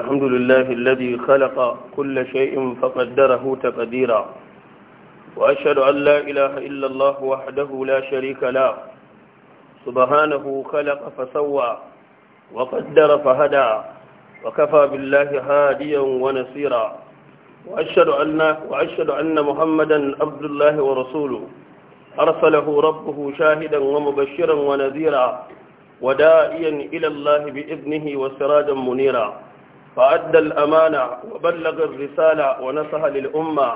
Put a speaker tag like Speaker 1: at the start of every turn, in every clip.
Speaker 1: الحمد لله الذي خلق كل شيء فقدره تقديرا وأشهد أن لا إله إلا الله وحده لا شريك له سبحانه خلق فسوى وقدر فهدى وكفى بالله هاديا ونسيرا وأشهد أن, وأشهد أن محمدا عبد الله ورسوله أرسله ربه شاهدا ومبشرا ونذيرا ودائيا إلى الله بإذنه وسراجا منيرا فأدى الأمانة وبلغ الرسالة ونصح للأمة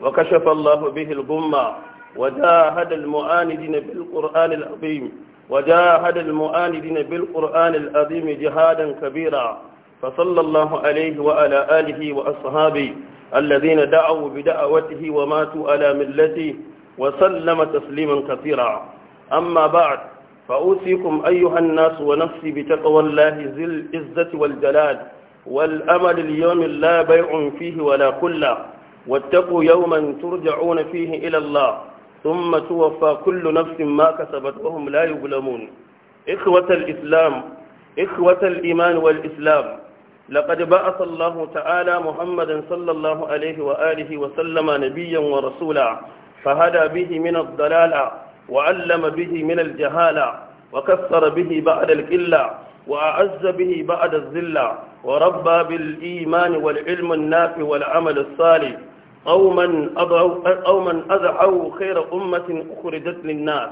Speaker 1: وكشف الله به الغمة وجاهد المعاندين بالقرآن العظيم وجاهد المعاندين بالقرآن العظيم جهادا كبيرا فصلى الله عليه وعلى آله وأصحابه الذين دعوا بدعوته وماتوا على ملته وسلم تسليما كثيرا أما بعد فأوصيكم أيها الناس ونفسي بتقوى الله ذي العزة والجلال والأمل اليوم لا بيع فيه ولا كلا واتقوا يوما ترجعون فيه إلى الله ثم توفى كل نفس ما كسبت وهم لا يظلمون إخوة الإسلام إخوة الإيمان والإسلام لقد بعث الله تعالى محمدا صلى الله عليه وآله وسلم نبيا ورسولا فهدى به من الضلال وعلم به من الجهالة وكثر به بعد الكلة وأعز به بعد الذلة وربى بالإيمان والعلم النافع والعمل الصالح قوما أضعوا قوما خير أمة أخرجت للناس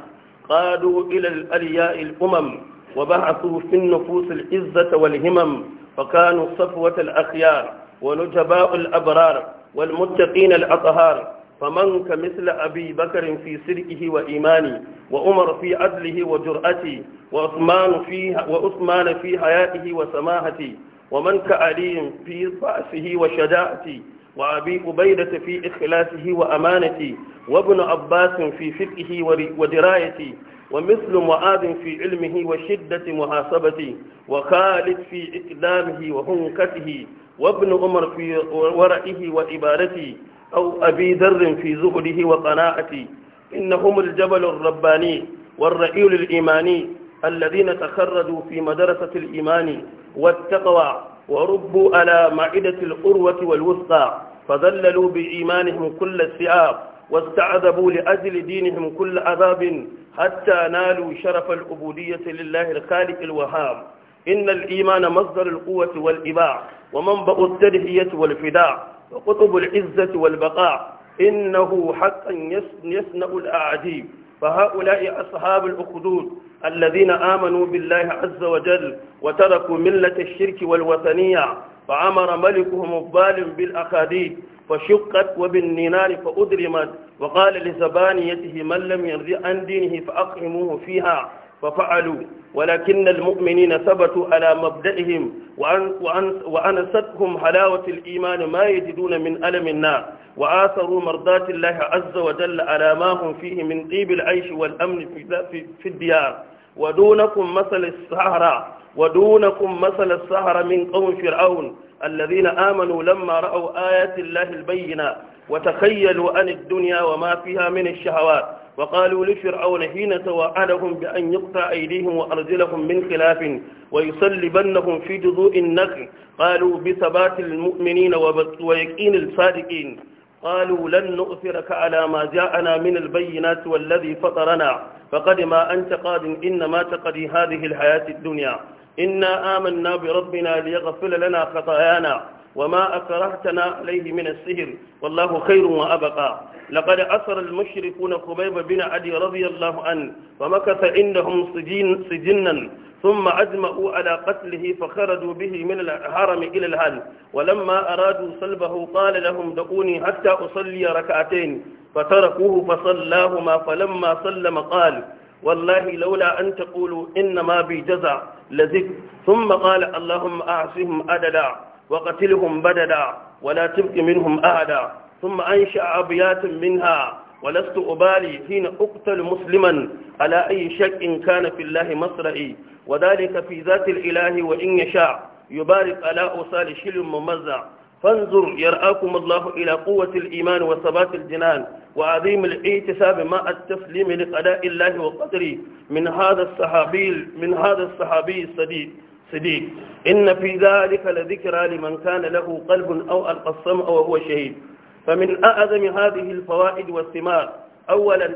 Speaker 1: قادوا إلى الألياء الأمم وبعثوا في النفوس العزة والهمم فكانوا صفوة الأخيار ونجباء الأبرار والمتقين الأطهار فمن كمثل أبي بكر في سرقه وإيمانه وعمر في عدله وجرأته وعثمان في, حياته في حيائه ومن كعلي في بأسه وشجاعتي وأبي أبيدة في إخلاصه وأمانتي وابن عباس في فقهه ودرايتي ومثل معاذ في علمه وشدة محاسبتي وخالد في إقدامه وهنكته وابن عمر في ورعه وإبارتي أو أبي ذر في زهده وقناعتي إنهم الجبل الرباني والرئيل الإيماني الذين تخرجوا في مدرسة الإيمان والتقوى وربوا على معدة القروة والوثقى فذللوا بإيمانهم كل السعاب واستعذبوا لأجل دينهم كل عذاب حتى نالوا شرف العبودية لله الخالق الوهاب إن الإيمان مصدر القوة والإباع ومنبأ التدهية والفداع وقطب العزة والبقاء إنه حقا يسنأ الأعجيب فهؤلاء أصحاب الأخدود الذين آمنوا بالله عز وجل وتركوا ملة الشرك والوثنية فعمر ملكهم الظالم بالأخاديد فشقت وبالنينار فأدرمت وقال لزبانيته من لم يرضي عن دينه فأقهموه فيها ففعلوا ولكن المؤمنين ثبتوا على مبدئهم وأن وأن وأنستهم حلاوة الإيمان ما يجدون من ألم النار وآثروا مرضاة الله عز وجل على ما هم فيه من طيب العيش والأمن في, في الديار ودونكم مثل السهرة ودونكم مثل السهرة من قوم فرعون الذين آمنوا لما رأوا آيات الله البينة وتخيلوا أن الدنيا وما فيها من الشهوات وقالوا لفرعون حين توعدهم بأن يقطع أيديهم وأرزلهم من خلاف ويصلبنهم في جذوع النخل قالوا بثبات المؤمنين ويكئين الصادقين قالوا لن نؤثرك على ما جاءنا من البينات والذي فطرنا فقد ما أنت قاد إنما تقضي هذه الحياة الدنيا إنا آمنا بربنا ليغفر لنا خطايانا وما أكرهتنا عليه من السهر والله خير وأبقى لقد أثر المشركون خبيب بن عدي رضي الله عنه ومكث عندهم سجين سجنا ثم أجمعوا على قتله فخرجوا به من الحرم إلى الهل ولما أرادوا صلبه قال لهم دعوني حتى أصلي ركعتين فتركوه فصلاهما فلما سلم قال والله لولا أن تقولوا إنما بي جزع لذكر ثم قال اللهم أعصهم أددا وقتلهم بددا ولا تبق منهم أهدا ثم أنشأ أبيات منها ولست أبالي حين أقتل مسلما على أي شك إن كان في الله مصرئي وذلك في ذات الإله وإن يشاء يبارك على أوصال شل ممزع فانظر يرآكم الله إلى قوة الإيمان وثبات الجنان وعظيم الاعتساب مع التسليم لقضاء الله وقدره من هذا الصحابي من هذا الصحابي الصديق صديق إن في ذلك لذكرى لمن كان له قلب أو ألقى السمع وهو شهيد فمن أعظم هذه الفوائد والثمار أولا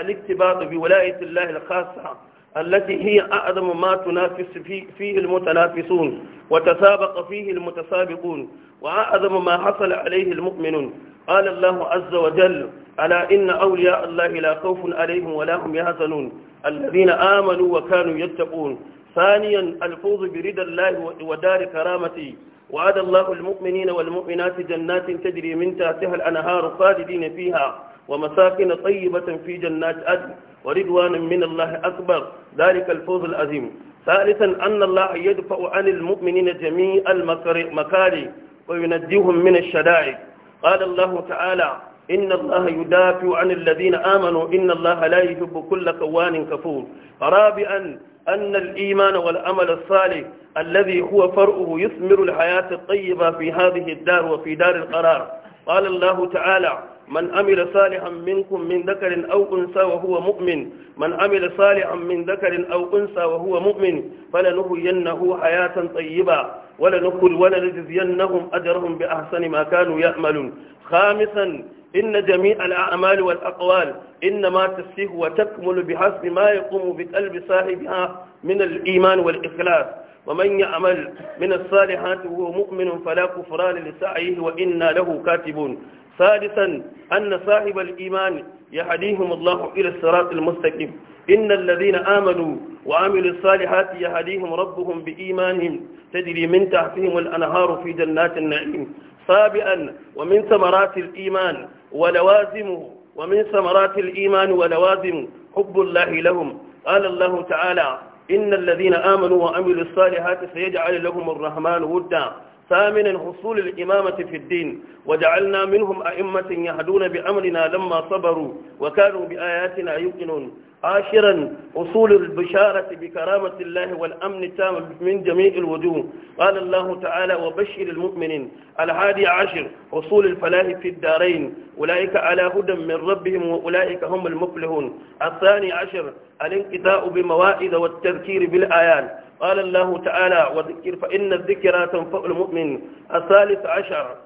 Speaker 1: الاكتباط بولاية الله الخاصة التي هي أعظم ما تنافس فيه المتنافسون وتسابق فيه المتسابقون وأعظم ما حصل عليه المؤمنون قال الله عز وجل ألا إن أولياء الله لا خوف عليهم ولا هم يحزنون الذين آمنوا وكانوا يتقون ثانيا الفوز برضا الله ودار كرامته وعد الله المؤمنين والمؤمنات جنات تجري من تحتها الأنهار خالدين فيها ومساكن طيبة في جنات أدن ورضوان من الله أكبر ذلك الفوز العظيم ثالثا أن الله يدفع عن المؤمنين جميع المكاري وينجيهم من الشدائد قال الله تعالى إن الله يدافع عن الذين آمنوا إن الله لا يحب كل كوان كفور رابعا أن الإيمان والعمل الصالح الذي هو فرؤه يثمر الحياة الطيبة في هذه الدار وفي دار القرار قال الله تعالى من عمل صالحا منكم من ذكر أو أنثى وهو مؤمن من عمل صالحا من ذكر أو أنثى وهو مؤمن فلنهينه حياة طيبة ولنخل ولنجزينهم أجرهم بأحسن ما كانوا يعملون خامسا إن جميع الأعمال والأقوال إنما تسيه وتكمل بحسب ما يقوم بقلب صاحبها من الإيمان والإخلاص ومن يعمل من الصالحات وهو مؤمن فلا كفران لسعيه وإنا له كاتبون ثالثا أن صاحب الإيمان يهديهم الله إلى الصراط المستقيم إن الذين آمنوا وعملوا الصالحات يهديهم ربهم بإيمانهم تجري من تحتهم الأنهار في جنات النعيم سابعا ومن ثمرات الإيمان ولوازمه ومن ثمرات الإيمان ولوازم حب الله لهم قال الله تعالى إن الذين آمنوا وعملوا الصالحات سيجعل لهم الرحمن ودا ثامنا حصول الإمامة في الدين وجعلنا منهم أئمة يهدون بأمرنا لما صبروا وكانوا بآياتنا يوقنون عاشرا أصول البشارة بكرامة الله والأمن التام من جميع الوجوه قال الله تعالى وبشر المؤمنين الحادي عشر أصول الفلاح في الدارين أولئك على هدى من ربهم وأولئك هم المفلحون الثاني عشر الانقطاع بموائد والتذكير بالآيات قال الله تعالى وذكر فإن الذكرى تنفع المؤمن الثالث عشر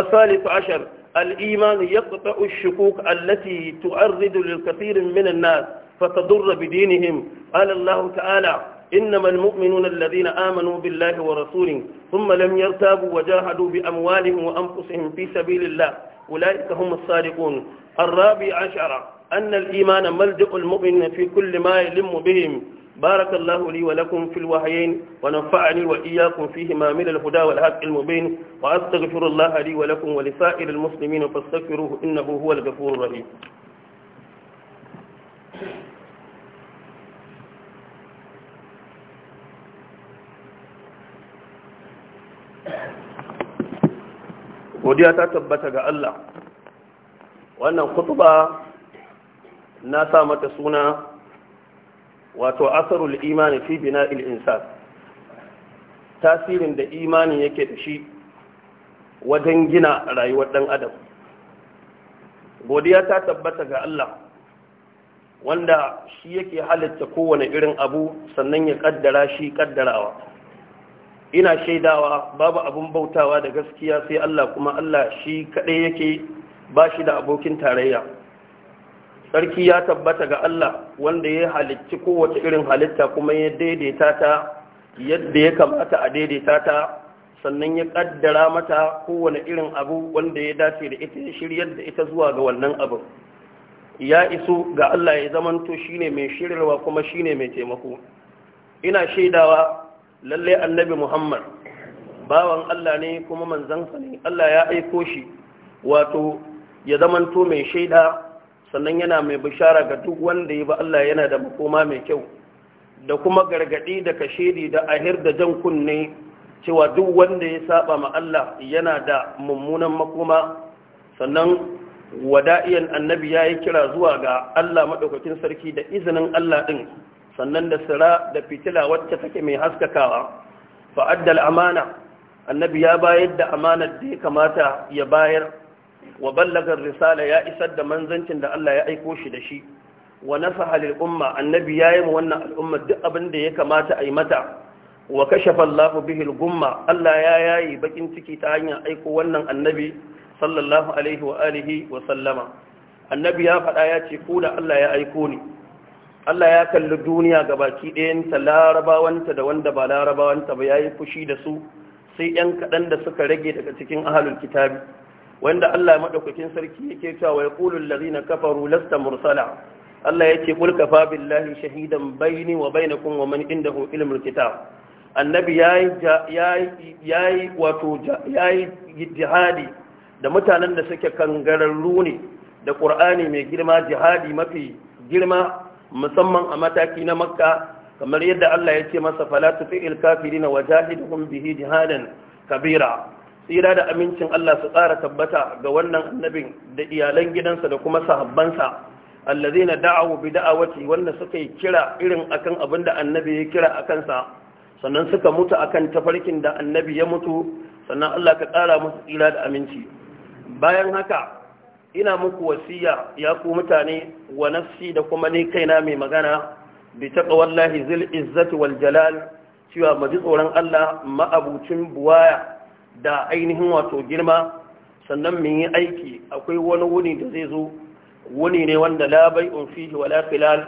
Speaker 1: الثالث عشر الإيمان يقطع الشكوك التي تعرض للكثير من الناس فتضر بدينهم قال الله تعالى إنما المؤمنون الذين آمنوا بالله ورسوله ثم لم يرتابوا وجاهدوا بأموالهم وأنفسهم في سبيل الله أولئك هم الصادقون الرابع عشر أن الإيمان ملجأ المؤمن في كل ما يلم بهم بارك الله لي ولكم في الوحيين ونفعني وإياكم فيهما من الهدى والحق المبين وأستغفر الله لي ولكم ولسائر المسلمين فاستغفروه إنه هو الغفور الرحيم godiya ta tabbata ga Allah wannan kutuba na sa mata suna wato asarul imani fi bina'il insan tasirin da imani yake da shi wajen gina rayuwar ɗan adam godiya ta tabbata ga Allah wanda shi yake halitta kowane irin abu sannan ya kaddara shi kaddarawa ina shaidawa babu abun bautawa da gaskiya sai Allah kuma Allah shi kaɗai yake ba shi da abokin tarayya sarki ya tabbata ga Allah wanda ya halicci kowace irin halitta kuma ya daidaita ta yadda ya kamata a daidaita ta sannan ya kaddara mata kowane irin abu wanda ya dace da ita ya shiryar da ita zuwa ga wannan abin ya isu ga Allah ya zamanto shine mai shiryarwa kuma shine mai taimako ina shaidawa lalle annabi Muhammad bawan Allah ne kuma manzansa ne Allah ya aiko shi wato ya zamanto mai shaida sannan yana mai bishara ga duk wanda ya ba Allah yana da makoma mai kyau da kuma gargadi da kashedi da ahir da jan kunne cewa duk wanda ya saba ma Allah yana da mummunan makoma sannan wada'iyan annabi ya yi kira zuwa ga Allah maɗaukakin sarki da izinin Allah ɗin sannan da sira da fitila wacce take mai haskakawa fa'addal amana annabi ya bayar da amanar da ya kamata ya bayar wa ballagar risala ya isar da manzancin da Allah ya aiko shi da shi wa nasaha lil umma annabi yayi mu wannan al'umma duk abin da ya kamata a yi mata wa kashafa Allahu bihi al gumma Allah ya yayi bakin ciki ta hanyar aiko wannan annabi sallallahu alaihi wa alihi wa sallama annabi ya faɗa ya ce ku da Allah ya aiko ni Allah ya kalli duniya ga baki ɗayanta larabawanta da wanda ba larabawanta ba ya yi fushi da su sai ‘yan kaɗan da suka rage daga cikin ahlul kitabi wanda Allah madaukakin sarki yake cewa ya qulu allazina kafaru lasta mursala Allah yake qul kafa billahi shahidan bayni wa bainakum wa man indahu ilmul kitab annabi yayi yayi wato yayi jihadi da mutanen da suke kangararru ne da qur'ani mai girma jihadi mafi girma musamman a mataki na makka kamar yadda Allah ya ce masa fala tufi'il kafirina wajahidhum bihi jihadan kabira tsira da amincin Allah su tsara tabbata ga wannan annabin da iyalan gidansa da kuma sahabbansa allazina da'awu bi da'awati wanda suka yi kira irin akan abin da annabi ya kira akan sa sannan suka mutu akan tafarkin da annabi ya mutu sannan Allah ka tsara musu tsira da aminci bayan haka ina muku wasiya ya ku mutane wa nafsi da kuma ni kaina mai magana bi taqwallahi zil izzati wal jalal cewa mu ji tsoron Allah ma'abucin buwaya da ainihin wato girma sannan mun yi aiki akwai wani wuni da zai zo wuni ne wanda la un fihi wala filal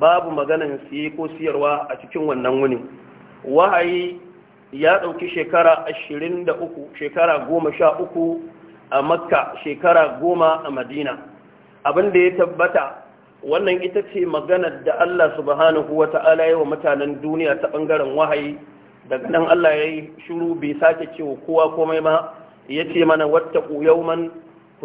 Speaker 1: babu maganan siye ko siyarwa a cikin wannan wuni wahayi ya ɗauki shekara ashirin da uku shekara goma sha uku a makka shekara goma a madina abin da ya tabbata wannan ita ce maganar da allah subhanahu wa ta'ala yi wa mutanen duniya ta ɓangaren wahayi daga nan Allah ya yi shuru bai sake cewa kowa komai ma ya ce mana wata yawman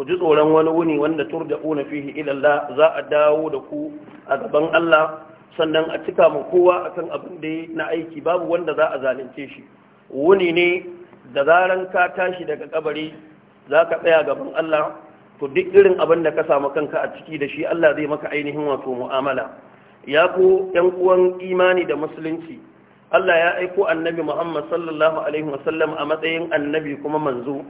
Speaker 1: ku ji tsoron wani wuni wanda tur da ƙuna fihi ilalla za a dawo da ku a gaban Allah sannan a cika mu kowa akan abin da na aiki babu wanda za a zalunce shi wuni ne da zaran ka tashi daga kabari za ka tsaya gaban Allah to duk irin abin da ka samu kanka a ciki da shi Allah zai maka ainihin wato mu'amala ya ku yan uwan imani da musulunci Allah ya aiko annabi Muhammad sallallahu alaihi wasallam a matsayin annabi kuma manzo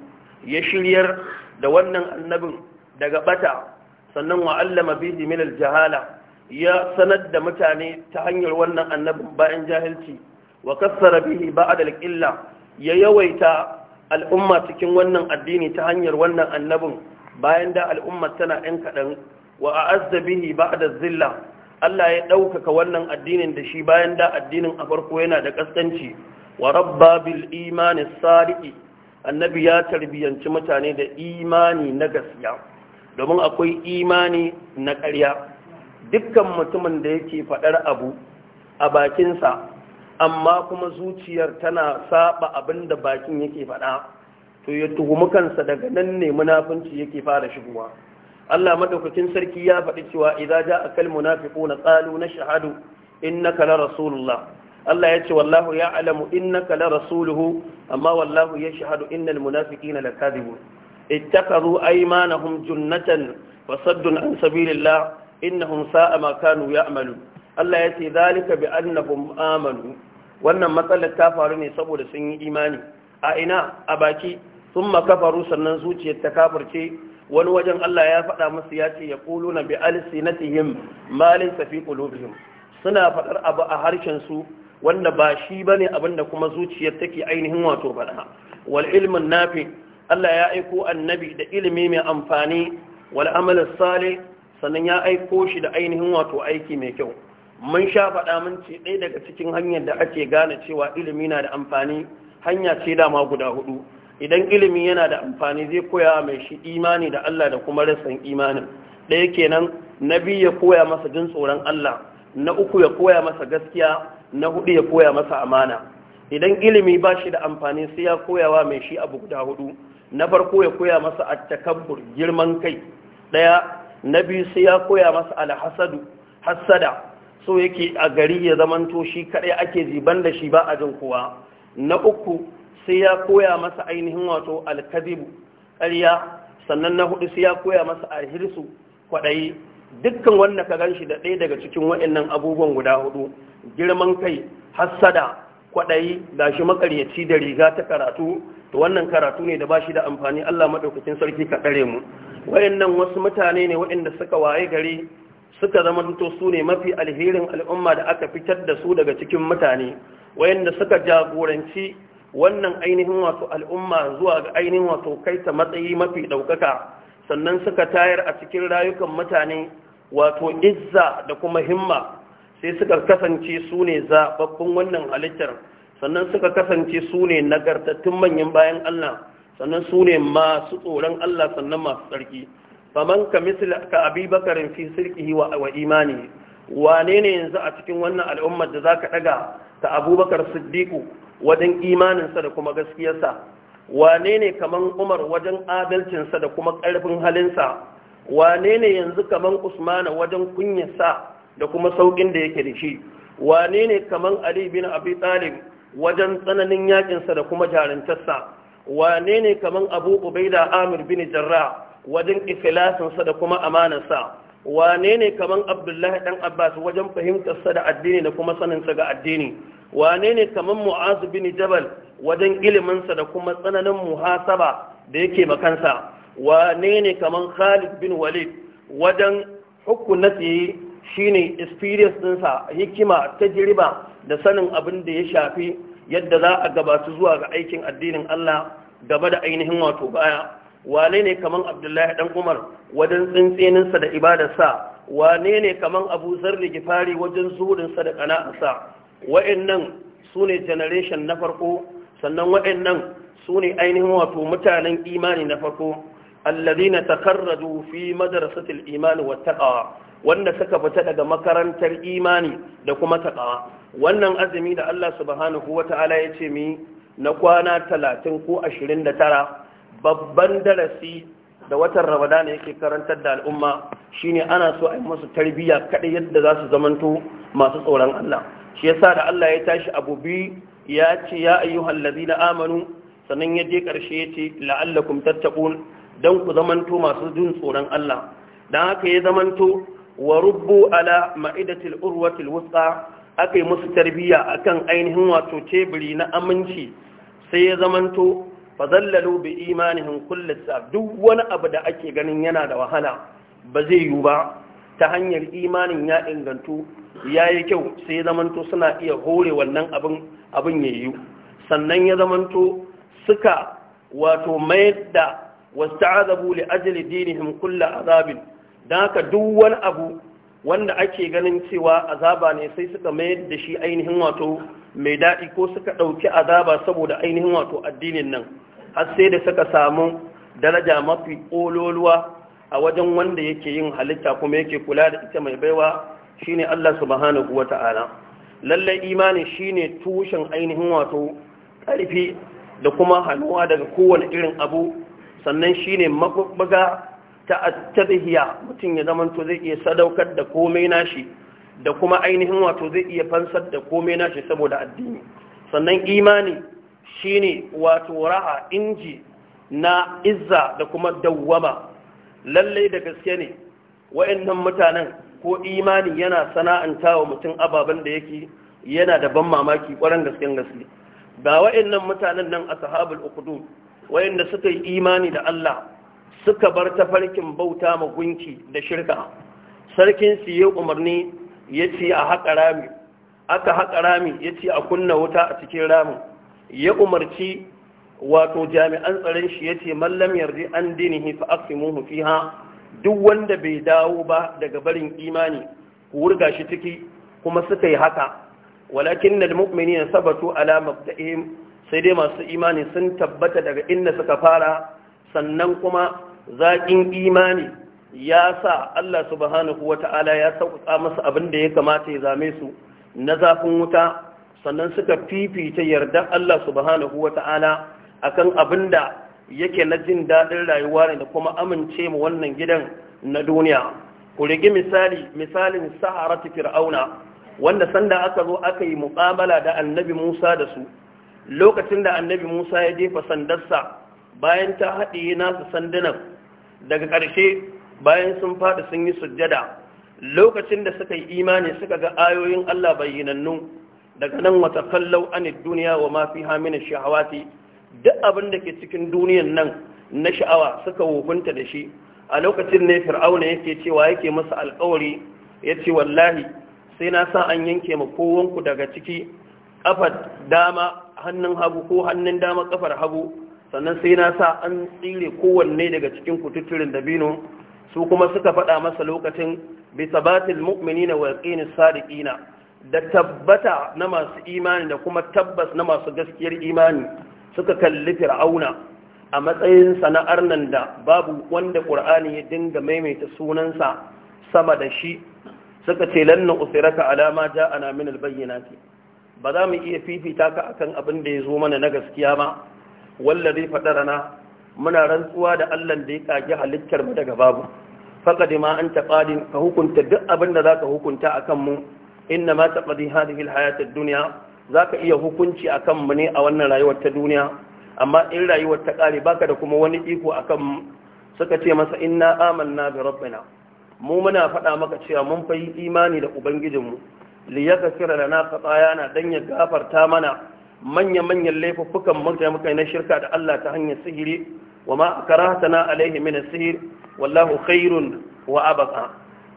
Speaker 1: ya shiryar da wannan annabin daga bata sannan wa allama bihi minal jahala ya sanar da mutane ta hanyar wannan annabin bayan jahilci wa kassara bihi ba'da alqilla ya yawaita al'umma cikin wannan addini ta hanyar wannan annabin bayan da al'umma tana yan kaɗan wa a'azza bihi da zilla Allah ya ɗaukaka wannan addinin da shi bayan da addinin a farko yana da ƙasƙanci wa rabba bil imani sadiqi annabi ya tarbiyanci mutane da imani na gaskiya domin akwai imani na ƙarya dukkan mutumin da yake faɗar abu a bakinsa amma kuma zuciyar tana saba abin da bakin yake faɗa to ya tuhumi kansa daga nan ne munafunci yake fara shigowa Allah madaukakin sarki ya faɗi cewa idza ja'a kal munafiquna qalu nashhadu innaka la rasulullah Allah ya ce wallahu ya'lamu innaka la rasuluhu amma wallahu yashhadu innal munafiqina lakadibun na aymanahum junnatan fasaddun an sabilillah innahum sa'a ma kanu ya'malun Allah ya ce zalika bi annahum amanu wannan matsalar ta faru ne saboda sun yi imani a ina a baki sun kafaru sannan zuciyar ta kafirce wani wajen Allah ya faɗa musu ya ce ya na bi alsinatihim malin safi ƙulubihim suna faɗar abu a harshen su wanda ba shi ba bane da kuma zuciyar take ainihin wato faɗa wal ilmin nafi Allah ya aiko annabi da ilimi mai amfani wal amal Sale sannan ya aiko shi da ainihin wato aiki mai kyau mun sha faɗa mun ce ɗaya daga cikin hanyar da ake gane cewa ilimi na da amfani hanya ce dama guda hudu idan ilimi yana da amfani zai koya mai shi imani da Allah da kuma rasan imanin ɗaya kenan na biyu ya koya masa jin tsoron Allah na uku ya koya masa gaskiya na hudu ya koya masa amana idan ilimi ba shi da amfani sai ya koyawa mai shi abu guda hudu na farko ya koya masa attakabbur girman kai ɗaya na biyu sai ya koya masa alhasadu hasada so yake a gari ya zamanto shi kaɗai ake ziban da shi ba a jin kowa na uku sai ya koya masa ainihin wato alkadibu ƙarya sannan na hudu sai ya koya masa alhirsu kwaɗayi dukkan wanda ka gan shi da ɗaya daga cikin waɗannan abubuwan guda hudu girman kai hassada kwaɗayi shi makaryaci da riga ta karatu to wannan karatu ne da ba shi da amfani Allah maɗaukakin sarki ka ɗare mu wayannan wasu mutane ne waɗanda suka waye gari suka zama to su ne mafi alherin al'umma da aka fitar da su daga cikin mutane wayanda suka jagoranci wannan ainihin wato al'umma zuwa ga ainihin wato kai ta matsayi mafi ɗaukaka sannan suka tayar a cikin rayukan mutane wato izza da kuma himma sai suka kasance su ne zaɓaɓɓun wannan halittar sannan suka kasance su ne nagartattun manyan bayan Allah sannan su ne masu tsoron Allah sannan masu tsarki faman ka ka abi bakarin fi sirki wa imani wane ne yanzu a cikin wannan al'ummar da za ka ɗaga ta abubakar siddiqu wajen imaninsa da kuma gaskiyarsa wane ne kaman umar wajen adalcinsa da kuma ƙarfin halinsa wane ne yanzu kaman usmana wajen kunyarsa da kuma saukin da yake da shi wane ne kaman ali bin abi talib wajen tsananin yakinsa da kuma jarantarsa? wane ne kaman abu ubaida amir bin jarra wajen ikilasinsa da kuma amanarsa wane ne kaman abdullahi Ɗan abbas wajen fahimtarsa da addini da kuma saninsa ga addini wane ne kamar mu'azu bin jabal wajen iliminsa da kuma tsananin muhasaba da yake makansa wane ne kamar khalid bin walid wajen hukunati shine experience ɗinsa hikima ta jiriba da sanin abin da ya shafi yadda za a gabatu zuwa ga aikin addinin Allah gaba da ainihin wato baya wane ne kaman abdullahi dan umar wajen tsintsininsa da ibadarsa wane ne kaman abu zarri gifari wajen zurinsa da kana'arsa wa'annan su ne generation na farko sannan wa'annan su ne ainihin wato mutanen imani na farko alladhina takarradu fi madrasatil imani wa taqwa wanda suka fita daga makarantar imani da kuma taqwa wannan azumi da Allah subhanahu wata'ala ya ce mi na kwana 30 ko 29 babban darasi da watan ramadan yake karantar da al'umma shine ana so a yi musu tarbiyya kaɗai yadda za su zamanto masu tsoron Allah shi yasa da Allah ya tashi abu bi ya ce ya ayyuhal ladina amanu sanan ya je karshe ya ce la'allakum tattaqun dan ku zamanto masu jin tsoron Allah dan haka ya zamanto wa rubbu ala ma'idatil urwatil wusta aka yi musu tarbiyya akan ainihin wato tebiri na aminci sai ya zamanto fazallalu bi imanihim kullu duk wani abu da ake ganin yana da wahala ba zai yiwu ba ta hanyar imanin ya ingantu ya yi kyau sai zamanto suna iya hore wannan abin ya yiwu sannan ya zamanto suka wato mayar da wasu azabu li ajali dinihim kulla azabin don haka duk wani abu wanda ake ganin cewa azaba ne sai suka mayar da shi ainihin wato mai daɗi ko suka ɗauki azaba saboda ainihin wato addinin nan har sai da suka samu daraja mafi ƙololuwa a wajen wanda yake yin halitta kuma yake kula da ita mai baiwa shine Allah subhanahu wata'ala Lallai imani shine tushen ainihin wato ƙarfi da kuma hannuwa daga kowane irin abu sannan shine mabubbuga ta attabihiya mutum ya zamanto zai iya sadaukar da komai nashi da kuma ainihin wato zai iya fansar da komai nashi saboda addini sannan imani shine wato raha inji na izza da kuma dawwama lallai da gaske ne wa'annan mutanen ko imani yana sana'anta wa mutum ababen da yake yana da ban mamaki ƙwarar gasken gaske ga wa'annan mutanen nan a sahabul wayanda wa'anda suka yi imani da Allah suka bar tafarkin bauta ma gunki da shirka sarkin su yi umarni ya a haƙa rami aka haƙa rami ya ce a kunna wuta a cikin ramin ya umarci wato jami'an tsaron shi yace mallam yardi an dinihi fa aqimuhu fiha duk wanda bai dawo ba daga barin imani ku wurga shi ciki kuma suka yi haka walakin da mu'minina sabatu ala mabda'ihim sai dai masu imani sun tabbata daga inda suka fara sannan kuma zaƙin imani ya sa Allah subhanahu wata'ala ya sauƙa musu abin da ya kamata ya zame su na zafin wuta sannan suka fifita yarda Allah subhanahu wata'ala akan abin da yake na jin daɗin rayuwa ne da kuma amince mu wannan gidan na duniya ku rigi misali misalin saharatu fir'auna wanda sanda aka zo aka yi muƙabala da annabi musa da su lokacin da annabi musa ya jefa sandarsa bayan ta haɗiye nasu sandunan daga ƙarshe bayan sun faɗi sun yi sujjada lokacin da suka yi imani suka ga ayoyin allah bayyanannu daga nan wata kallau anid duniya wa ma min ash shahawati duk abin da ke cikin duniyan nan na sha'awa suka hukunta da shi a lokacin ne fir'auna yake cewa yake masa alkawari ya ce wallahi sai na sa an yanke ma kowanku daga ciki kafar dama hannun hagu ko hannun dama kafar hagu sannan sai na sa an tsire kowanne daga cikin kututturin bino su kuma suka faɗa masa lokacin bisa batil mu'minina wa yaqini sadiqina da tabbata na masu imani da kuma tabbas na masu gaskiyar imani suka kalli fir'auna a matsayin sana'ar nan da babu wanda ƙur'ani ya dinga maimaita sunansa sama da shi suka ce lanna usiraka alama ja ana min albayyanati ba za mu iya fifita ka akan abin da ya zo mana na gaskiya ba wallazi rana muna rantsuwa da Allah da ya kage halittar mu daga babu faqad ma taɓa qadin ka hukunta duk abin da zaka hukunta akan mu inna ma taqdi hadhihi alhayat ad duniya. za ka iya hukunci a kanmu ne a wannan rayuwar ta duniya amma in rayuwar ta ƙare baka da kuma wani iko a kan suka ce masa aman na bi rabbina mu muna faɗa maka cewa mun fayi imani da ubangijinmu da na lana khatayana dan ya gafarta mana manya manyan laifuffukan mu muka yi na shirka da Allah ta hanyar sihiri wa ma karahtana alaihi min as wallahu khairun wa abaka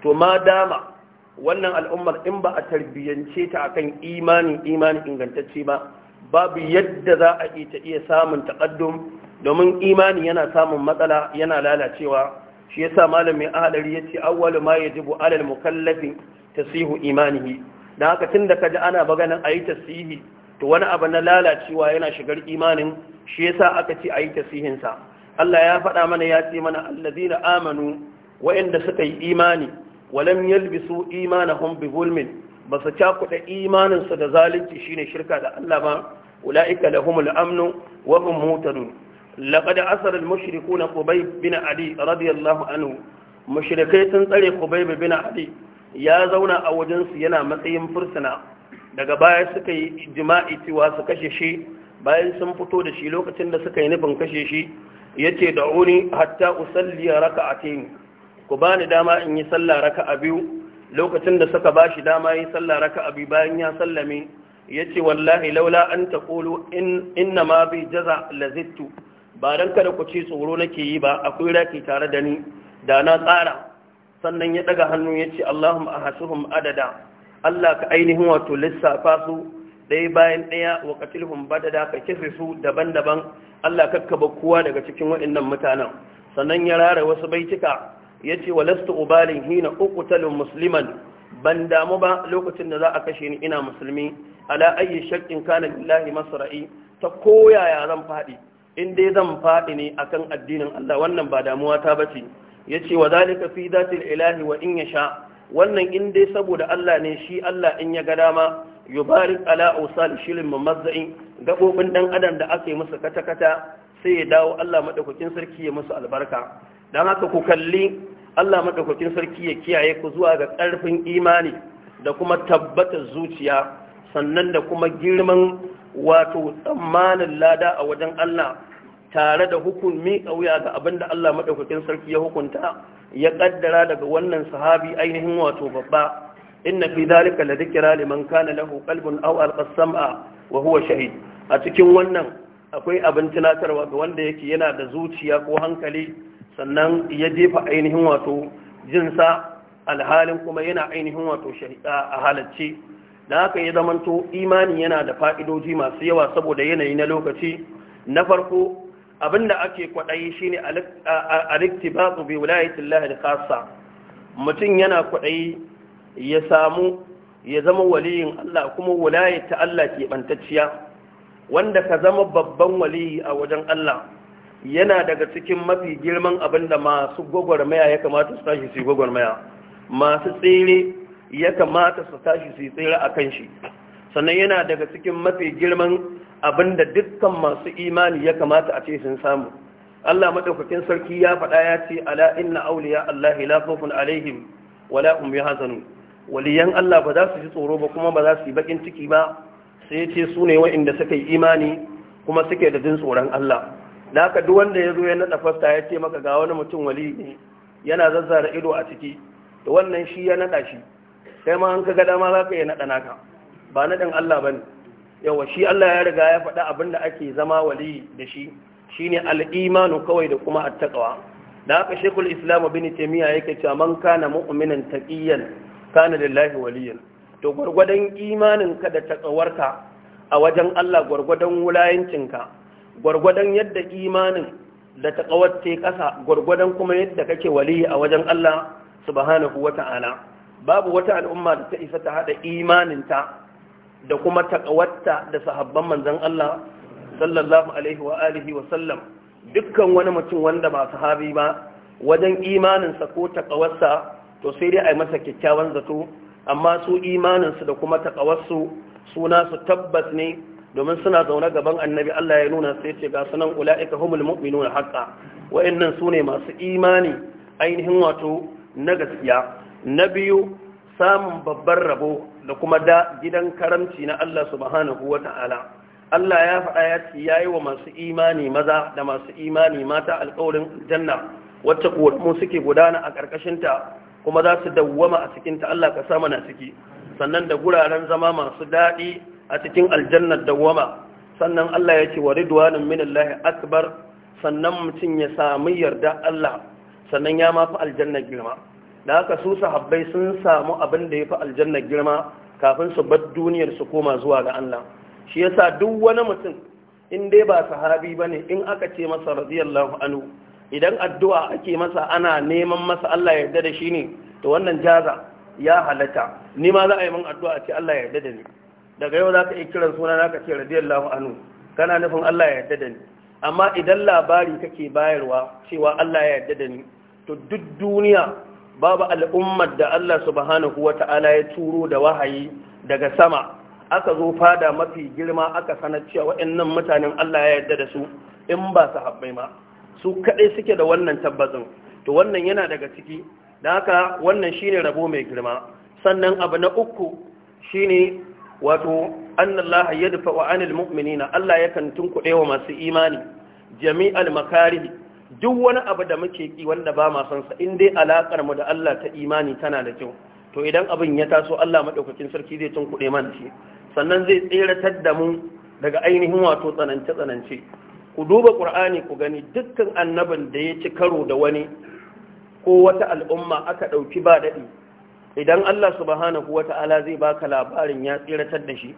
Speaker 1: to ma dama wannan al'ummar in ba a tarbiyyance ta akan imanin imanin ingantacce ba babu yadda za a yi ta iya samun takaddum domin imani yana samun matsala yana lalacewa shi yasa malamin ya yace awwalu ma ya yajibu alal mukallafin tasihu imanihi dan haka tunda kaji ana maganin ayi tasihi to wani abu na lalacewa yana shigar imanin shi yasa aka ce ayi tasihin sa Allah ya faɗa mana ya ce mana allazina amanu wa'anda suka yi imani walam yalbisu imanahum bi zulmin ba su cakuɗa imaninsu da zalunci shine shirka da Allah ba ula'ika al amnu wa hum mutadun laqad asara al-mushrikuuna qubay bin ali radiyallahu anhu mushrikai sun tsare qubay bin ali ya zauna a wajen su yana matsayin fursuna daga baya suka yi jima'i cewa su kashe shi bayan sun fito da shi lokacin da suka yi nufin kashe shi yace da'uni hatta usalli raka'atayn ku ba ni dama in yi sallah raka a biyu lokacin da suka ba shi dama yi sallah a biyu bayan ya sallame Ya ce, wallahi laula an kolo in na ma bi jaza lazittu ba don kada ku ci tsoro nake yi ba akwai raki tare da ni da na tsara sannan ya ɗaga hannu ya ce Allahumma ahasuhum adada Allah ka ainihin wato lissafa su ɗaya bayan ɗaya wa katilhum badada ka kife su daban-daban Allah kakkaba kowa daga cikin waɗannan mutanen sannan ya rara wasu baitika ya ce wa lasta ubalin hina uqtalun musulman ban damu ba lokacin da za a kashe ni ina musulmi ala ayyar shakkin kana masu ra'i ta koyaya zan fadi inda dai zan faɗi ne akan addinin Allah wannan ba damuwa ta bace ce wa zalika fi zatil ilahi wa in ya sha wannan in dai saboda Allah ne shi Allah in ya ga dama yubarik ala usal shilin mamazza'in gabobin dan adam da aka yi musu kata kata sai ya dawo Allah maɗaukakin sarki ya musu albarka dan haka ku kalli Allah madaukakin sarki ya kiyaye ku zuwa ga ƙarfin imani da kuma tabbatar zuciya sannan da kuma girman wato tsammanin lada a wajen Allah tare da hukumi ƙauya ga abin da Allah madaukakin sarki ya hukunta ya ƙaddara daga wannan sahabi ainihin wato babba inna fi dhalika la dhikra liman kana lahu qalbun aw alqa sam'a wa huwa shahid a cikin wannan akwai abin tunatarwa ga wanda yake yana da zuciya ko hankali sannan ya jefa ainihin wato jinsa alhalin kuma yana ainihin wato shari'a a halarci da haka ya zamanto imani yana da fa'idoji masu yawa saboda yanayi na lokaci na farko abin da ake kwaɗayi shine aliktibatu bi wilayatin da kasa. mutum yana kwaɗayi ya samu ya zama waliyin Allah kuma wilayar ta Allah ke bantacciya wanda ka zama babban waliyi a wajen Allah yana daga cikin mafi girman abin da masu gwagwarmaya ya kamata su tashi su yi gwagwarmaya masu tsere ya kamata su tashi su yi tsere a kan shi sannan yana daga cikin mafi girman abin da dukkan masu imani ya kamata a ce sun samu Allah madaukakin sarki ya faɗa ya ce ala inna awliya Allah la khawfun alaihim wala hum yahzanun waliyan Allah ba za su ji tsoro ba kuma ba za su yi bakin ciki ba sai ya ce su ne wa'inda suka yi imani kuma suke da jin tsoron Allah da haka duk wanda ya zo ya naɗa fasta ya ce maka ga wani mutum wali ne yana zazzara ido a ciki da wannan shi ya naɗa shi sai ma an ka dama za ka iya naɗa naka ba naɗin Allah ba ne yawa shi Allah ya riga ya faɗa abin da ake zama wali da shi shine al'imanu kawai da kuma attakawa. da haka shekul islam bin taymiya yake cewa man kana mu'minan taqiyan kana lillahi waliyan to gwargwadon imaninka da taƙawarka a wajen Allah gwargwadon wulayancinka gwargwadon yadda imanin da ta kawatte ƙasa gwargwadon kuma yadda kake waliyi a wajen Allah subhanahu wata'ala babu wata al'umma da ta isa ta hada imaninta da kuma takawatta da sahabban manzon Allah sallallahu alaihi wa alihi wa sallam dukkan wani mutum wanda ba sahabi ba wajen imaninsa ko takawarsa to sai dai a yi masa kyakkyawan zato amma su imaninsu da kuma takawarsu suna su tabbas ne domin suna zaune gaban annabi Allah ya nuna sai ce ga sunan ula'ika humul mu'minuna haqqa wa'annan sune masu imani ainihin wato na gaskiya na biyu samun babban rabo da kuma da gidan karamci na Allah subhanahu wa ta'ala Allah ya faɗa ya ce ya wa masu imani maza da masu imani mata alƙawarin janna wacce mu suke gudana a ƙarƙashinta kuma za su dawwama a cikin ta Allah ka sa mana ciki sannan da guraren zama masu daɗi a cikin aljannar wama sannan Allah ya ce wa min minallahi akbar sannan mutum ya samu yarda Allah sannan ya mafi aljannar girma da haka su sahabbai sun samu abin da ya fi aljannar girma kafin su bar duniyar su koma zuwa ga Allah shi yasa duk wani mutum in dai ba sahabi bane in aka ce masa radiyallahu anhu idan addu'a ake masa ana neman masa Allah ya yarda da shi ne to wannan jaza ya halata ni ma za a yi min addu'a ce Allah ya yarda da ni daga yau za ka iya kiran suna na ka ce radiyallahu anu. kana nufin Allah ya yarda da ni amma idan labari kake bayarwa cewa Allah ya yarda da ni to duk duniya babu al'ummar da Allah subhanahu ta'ala ya turo da wahayi daga sama aka zo fada mafi girma aka sanar cewa waannan mutanen Allah ya yarda da su in ba su habbai ma su kaɗai suke da wannan tabbacin to wannan yana daga ciki da haka wannan shine rabo mai girma sannan abu na uku shine wato annallaha yadfa'u 'anil mu'minina Allah yakan tunkuɗe wa masu imani jami'al makarih duk wani abu da muke ki wanda ba ma sansa. in dai alakar mu da Allah ta imani tana da kyau to idan abin ya taso Allah madaukakin sarki zai tunkuɗe mana shi sannan zai tseratar da mu daga ainihin wato tsanance tsanance ku duba qur'ani ku gani dukkan annabin da ya ci karo da wani ko wata al'umma aka ɗauki ba daɗi. idan Allah subhanahu wata'ala zai baka labarin ya tsiratar da shi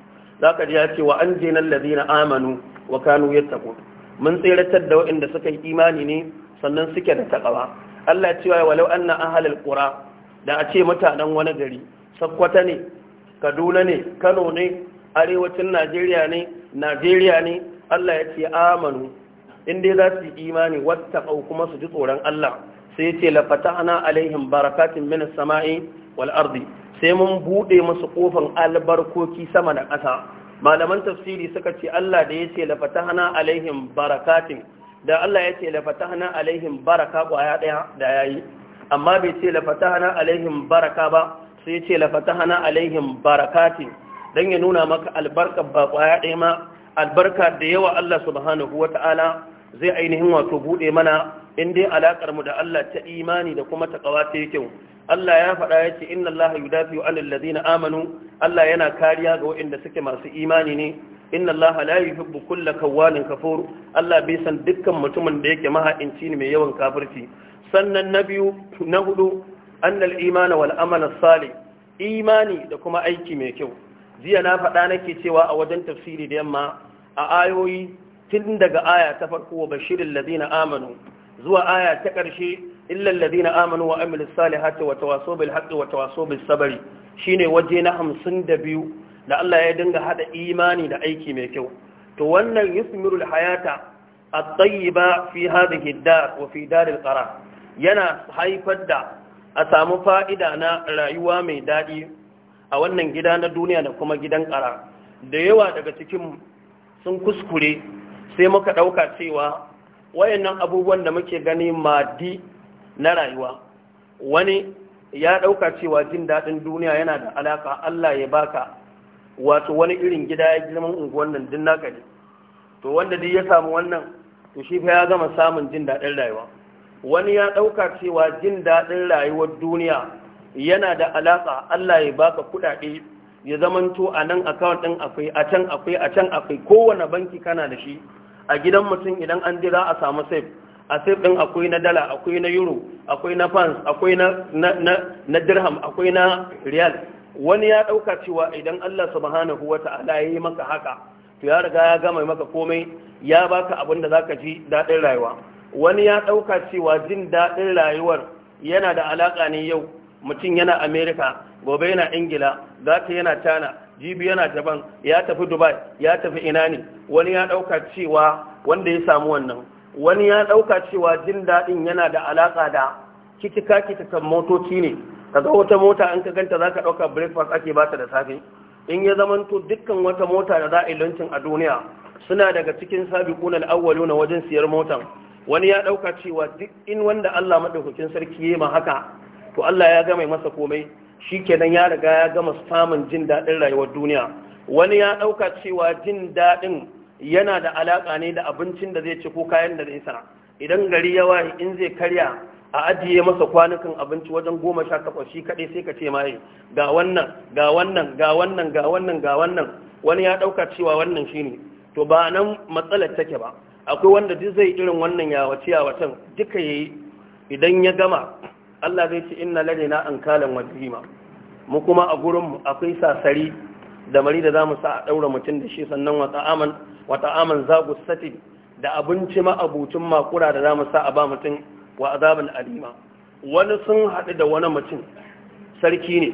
Speaker 1: zaka ji ya ce wa anjinal ladina amanu wa kanu yattaqun mun tsiratar da waɗanda suka yi imani ne sannan suke da takawa Allah cewa walau anna ahlal qura da a ce mutanen wani gari sakkwata ne kaduna ne kano ne arewacin najeriya ne najeriya ne Allah ya ce amanu in dai za su yi imani wata kuma su ji tsoron Allah sai yace lafata fatahna alaihim barakatin minas sama'i wal sai mun buɗe musu kofan albarkoki sama da ƙasa malaman tafsiri suka ce Allah da ce lafata fatahna alaihim barakatin da Allah ce lafata fatahna alaihim baraka ƙwaya ɗaya da yayi amma bai ce lafata fatahna alaihim baraka ba sai yace lafata fatahna alaihim barakatin dan ya nuna maka albarka ba ƙwaya ɗaya ma albarka da yawa Allah subhanahu wata'ala zai ainihin wato buɗe mana in dai alakar mu da Allah ta imani da kuma takawa ta kyau. Allah ya faɗa ya ce inna Allah yudafi'u 'anil ladina amanu Allah yana kariya ga waɗanda suke masu imani ne inna Allah la yuhibbu kulla kawalin kafur Allah bai san dukkan mutumin da yake maha'inci ne mai yawan kafirci sannan na biyu na hudu annal imana wal amana salih imani da kuma aiki mai kyau jiya na faɗa nake cewa a wajen tafsiri da yamma a ayoyi tun daga aya ta farko wa bashirin ladina amanu zuwa aya ta ƙarshe illal na amanu wa amilu salihati wa tawasaw bil haqqi wa tawasaw bis sabri shine waje na hamsin da biyu da Allah ya dinga hada imani da aiki mai kyau to wannan yusmiru al hayata at-tayyiba fi hadhihi dar wa fi dar al yana haifar da a samu fa'ida na rayuwa mai daɗi a wannan gida na duniya da kuma gidan ƙara da yawa daga cikin sun kuskure sai muka ɗauka cewa wayannan abubuwan da muke gani madi na rayuwa wani ya ɗauka cewa jin daɗin duniya yana da alaƙa Allah ya baka wato wani irin gida ya girman unguwan nan din naka ne to wanda duk ya samu wannan to shi fa ya gama samun jin daɗin rayuwa wani ya ɗauka cewa jin daɗin rayuwar duniya yana da alaka Allah ya baka kuɗaɗe ya zamanto a nan akawun ɗin akwai a can akwai a can akwai kowane banki kana da shi a gidan mutum idan an jira a samu sef, a sef ɗin akwai na dala akwai na euro akwai na pounds akwai na dirham akwai na riyal wani ya ɗauka cewa idan Allah subhanahu wata'ala ya yi maka haka to ya riga ya gama maka komai ya baka abin da zaka ji daɗin rayuwa wani ya ɗauka cewa jin daɗin rayuwar yana da alaka ne yau mutum yana amerika gobe yana ingila gata yana China. jibi yana jaban ya tafi dubai ya tafi ina ne wani ya ɗauka cewa wanda ya samu wannan wani ya ɗauka cewa jin daɗin yana da alaƙa da kitika ta motoci ne ka ga wata mota an ka ganta zaka ka ɗauka breakfast ake bata da safe in ya zamanto dukkan wata mota da za a yi lancin a duniya suna daga cikin sabiqun al-awwalu na wajen siyar motan wani ya ɗauka cewa duk in wanda Allah madaukakin sarki yayi ma haka to Allah ya ga mai masa komai shi kenan ya riga ya gama samun jin daɗin rayuwar duniya wani ya ɗauka cewa jin daɗin yana da alaƙa ne da abincin da zai ci ko kayan da zai sana idan gari ya waye in zai karya a ajiye masa kwanukan abinci wajen goma sha takwas shi kaɗai sai ka ce maye ga wannan ga wannan ga wannan ga wannan ga wannan wani ya ɗauka cewa wannan shine to ba nan matsalar take ba akwai wanda duk zai irin wannan yawace yawacen duka yayi idan ya gama Allah zai ce inna na an kalan wajima mu kuma a gurin mu akwai sasari da mari da zamu sa a daura mutum da shi sannan wa ta'aman wa ta'aman da abinci ma abucin makura da zamu sa a ba mutum wa azabin alima wani sun haɗu da wani mutum sarki ne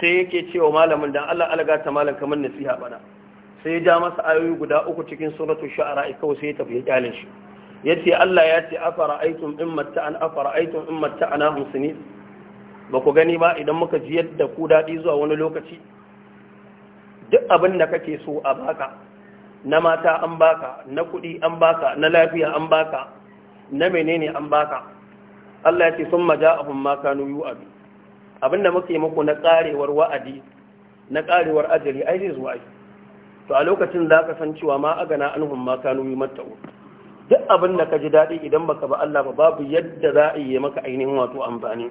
Speaker 1: sai yake cewa malamin dan Allah alga ta malam kamar nasiha bana sai ya ja masa ayoyi guda uku cikin suratul shu'ara kawai sai ya tafi ya kyale shi yace Allah ya ce afara aitum in matta an afara aitum in matta ana musni ba ku gani ba idan muka ji yadda ku daɗi zuwa wani lokaci duk abin da kake so a baka na mata an baka na kudi an baka na lafiya an baka na menene an baka Allah ya ce sun maja abin ma kanu yu abi abin da muke muku na karewar wa'adi na karewar ajali ai zai zuwa to a lokacin za ka san cewa ma agana anhum ma kanu yu matta'u duk abin da ka ji daɗi idan baka ba Allah ba babu yadda za a yi maka ainihin wato amfani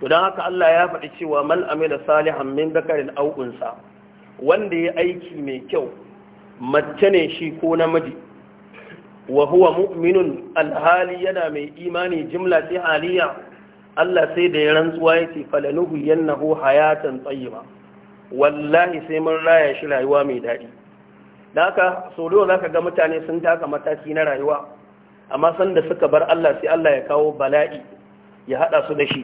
Speaker 1: to don haka Allah ya faɗi cewa man amila salihan min dakarin aw wanda ya aiki mai kyau mace ne shi ko namiji wa huwa mu'minun alhali yana mai imani jimla ce haliya Allah sai da ya rantsuwa yake falanuhu yannahu hayatan tayyiba wallahi sai mun raya shi rayuwa mai daɗi da haka sau da za ka ga mutane sun taka mataki na rayuwa amma sanda suka bar Allah sai Allah ya kawo bala'i ya haɗa su da shi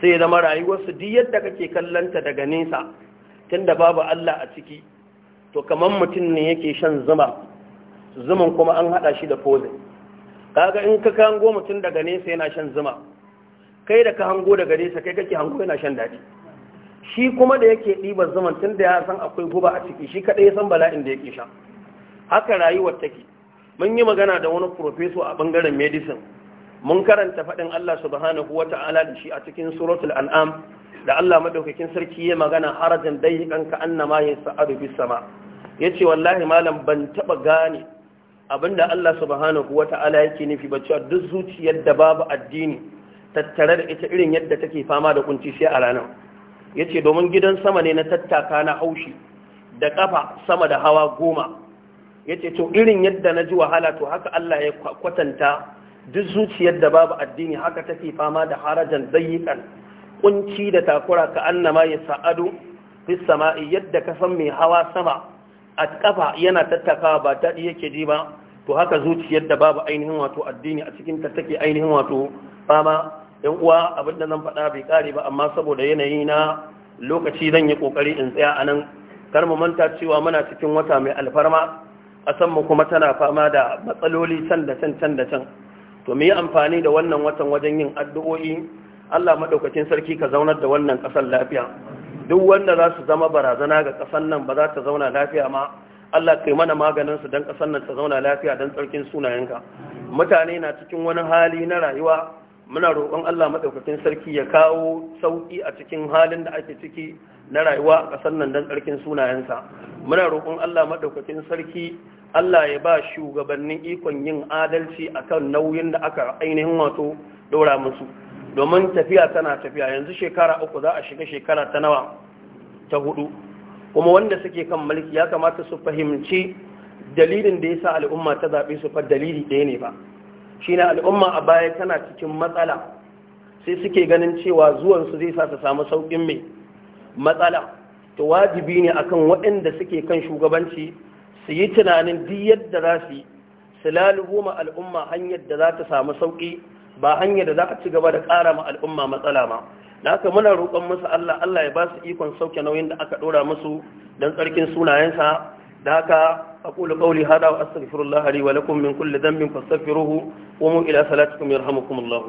Speaker 1: sai ya zama rayuwarsu duk yadda kake kallanta daga nesa tunda babu Allah a ciki to kamar mutum ne yake shan zuma zuman kuma an haɗa shi da poison kaga in ka hango mutum daga nesa yana shan zuma kai da ka hango daga nesa kai kake hango yana shan daɗi shi kuma da yake ɗibar zaman tun da ya san akwai guba a ciki shi kaɗai ya san bala'in da ƙi sha haka rayuwar take mun yi magana da wani profeso a ɓangaren medicine mun karanta faɗin Allah subhanahu wa ta'ala da shi a cikin suratul an'am da Allah madaukakin sarki ya magana harajan dayiqan ka annama sa'adu bis sama yace wallahi malam ban taba gane abinda Allah subhanahu wa ta'ala yake nufi ba cewa duk zuciyar da babu addini tattare da ita irin yadda take fama da kunci sai a ranar ya ce domin gidan sama ne na tattaka na haushi da ƙafa sama da hawa goma ya ce to irin yadda na ji wahala to haka Allah ya kwatanta duk zuciyar da babu addini haka take fama da harajan zayyikan kunci da takura ka annama ya sa'adu fi sama'i yadda ka san mai hawa sama a ƙafa yana tattakawa ba ta yake ji ba to haka zuciyar da babu ainihin wato addini a cikin ta take ainihin wato fama yan uwa abin da zan faɗa bai kare ba amma saboda yanayi na lokaci zan yi ƙoƙari in tsaya a nan kar mu manta cewa muna cikin wata mai alfarma a san mu kuma tana fama da matsaloli can da can can da can to mu yi amfani da wannan watan wajen yin addu'o'i Allah madaukakin sarki ka zaunar da wannan kasar lafiya duk wanda za su zama barazana ga kasar nan ba za ta zauna lafiya ma Allah kai mana maganin su dan kasar nan ta zauna lafiya dan tsarkin sunayenka mutane na cikin wani hali na rayuwa muna roƙon Allah maɗaukakin sarki ya kawo sauƙi a cikin halin da ake ciki na rayuwa a ƙasar nan don tsarkin sunayensa muna roƙon Allah maɗaukakin sarki Allah ya ba shugabannin ikon yin adalci a kan nauyin da aka ainihin wato ɗora musu domin tafiya tana tafiya yanzu shekara uku za a shiga shekara ta nawa ta hudu kuma wanda suke kan mulki ya kamata su fahimci dalilin da ya sa al'umma ta zaɓe su fa dalili ɗaya ne ba shine al'umma a baya tana cikin matsala sai suke ganin cewa zuwansu zai sa su samu sauƙin mai matsala ta wajibi ne akan waɗanda suke kan shugabanci su yi tunanin diyar yadda za su yi su lalubo ma al'umma hanyar da za ta samu sauƙi ba hanyar da za a ci gaba da ƙara ma al'umma matsala ma Na haka muna roƙon musu Allah Allah ya ba su ikon sauke nauyin da aka ɗora musu don tsarkin sunayensa daga aqulu qawli hada wa astaghfirullaha li wa lakum min kulli dhanbin fastaghfiruhu wa mu ila salatikum yarhamukumullahu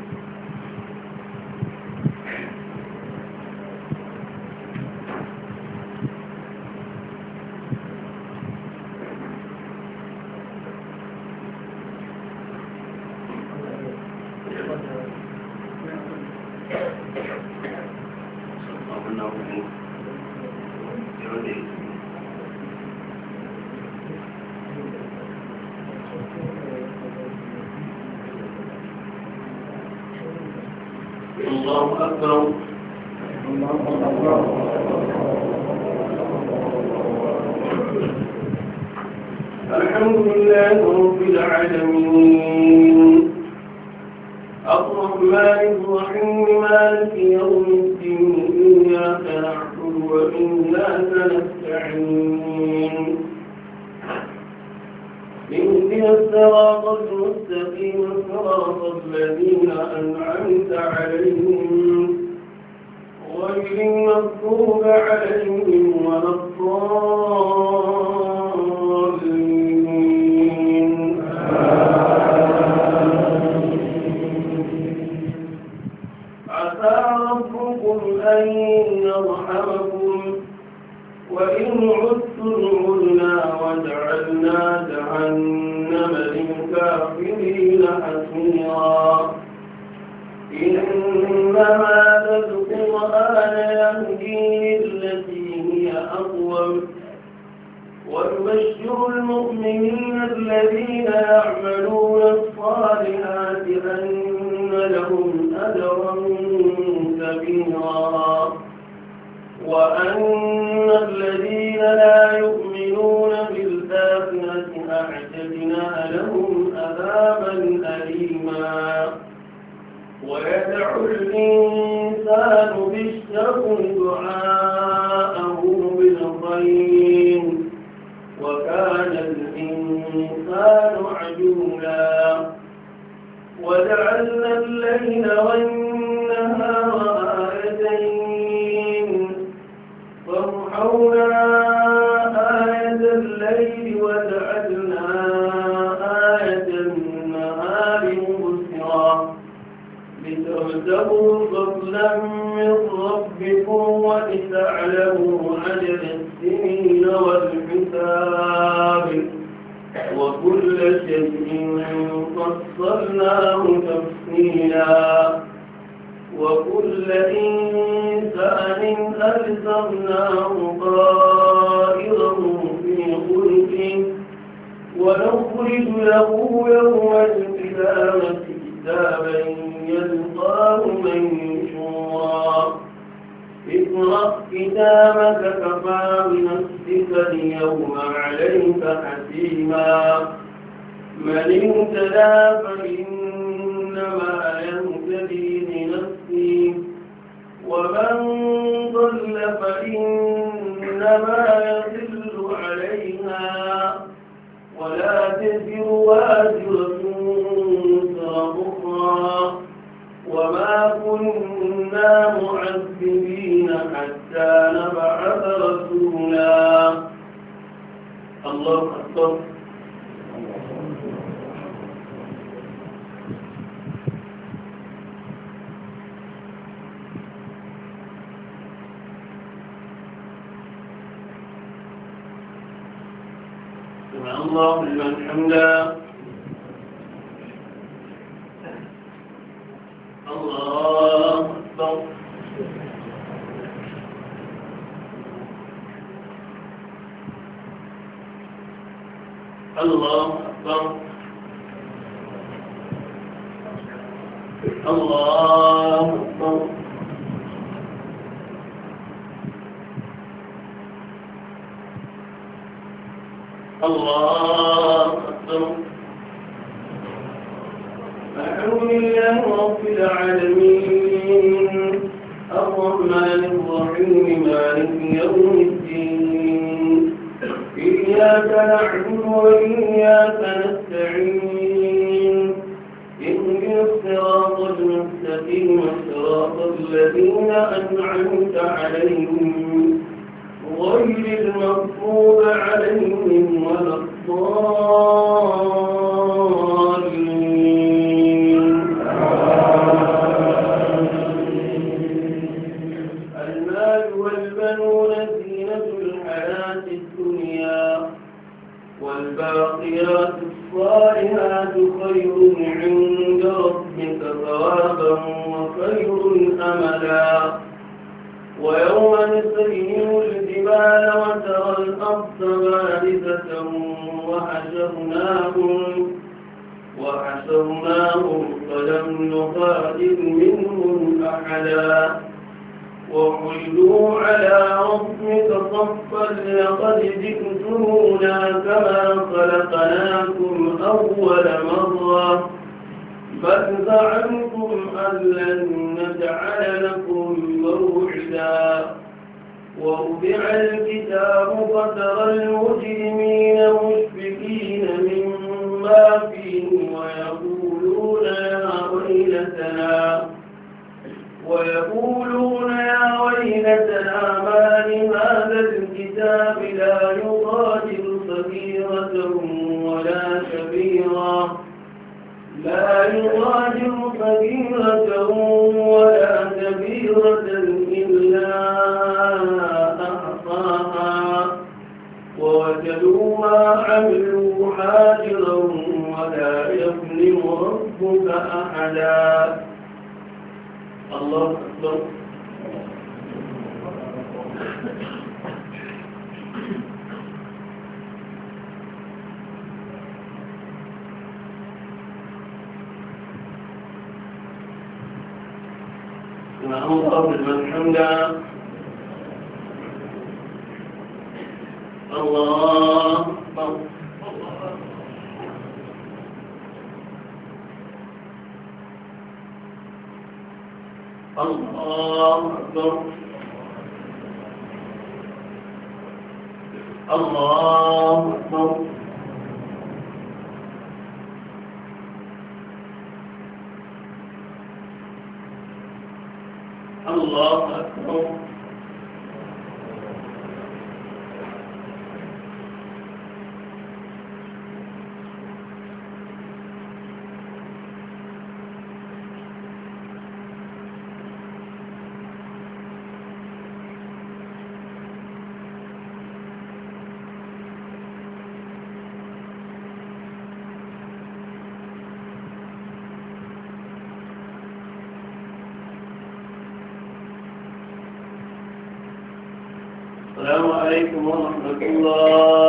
Speaker 2: الكافرين أسيرا إنما للقرآن يهدي التي هي أقوم ونبشر المؤمنين الذين يعملون الصالحات أن لهم أجرا كبيرا وأن الذين لا ويدعو الإنسان بالشر دعاءه بالخير وكان الإنسان عجولا وجعلنا الليل والنهار فصلناه تفصيلا وكل إنسان ألزمناه طائره في خلقه ونخرج له يوم القيامة كتابا يلقاه منشورا اقرأ كتابك كفى بنفسك اليوم عليك حكيما من اهتدى فإنما يهتدي لنفسه ومن ضل فإنما يضل عليها ولا تزر واجرة وزر أخرى وما كنا معذبين حتى نبعث رسولا الله أكبر الله لمن حمده الله أكبر الله أكبر الله الله أكبر الحمد رب العالمين الرحيم مالك يوم الدين إياك نعبد وإياك نستعين الصراط المستقيم صراط الذين أنعمت عليهم غير المغضوب عليهم ولا الضالين فأخذناهم فلم نغادر منهم أحدا وحلوا على ربك صفا لقد جئتمونا كما خلقناكم أول مرة بل زعمتم أن لن نجعل لكم موعدا ووضع الكتاب فترى المجرمين عليكم ورحمة الله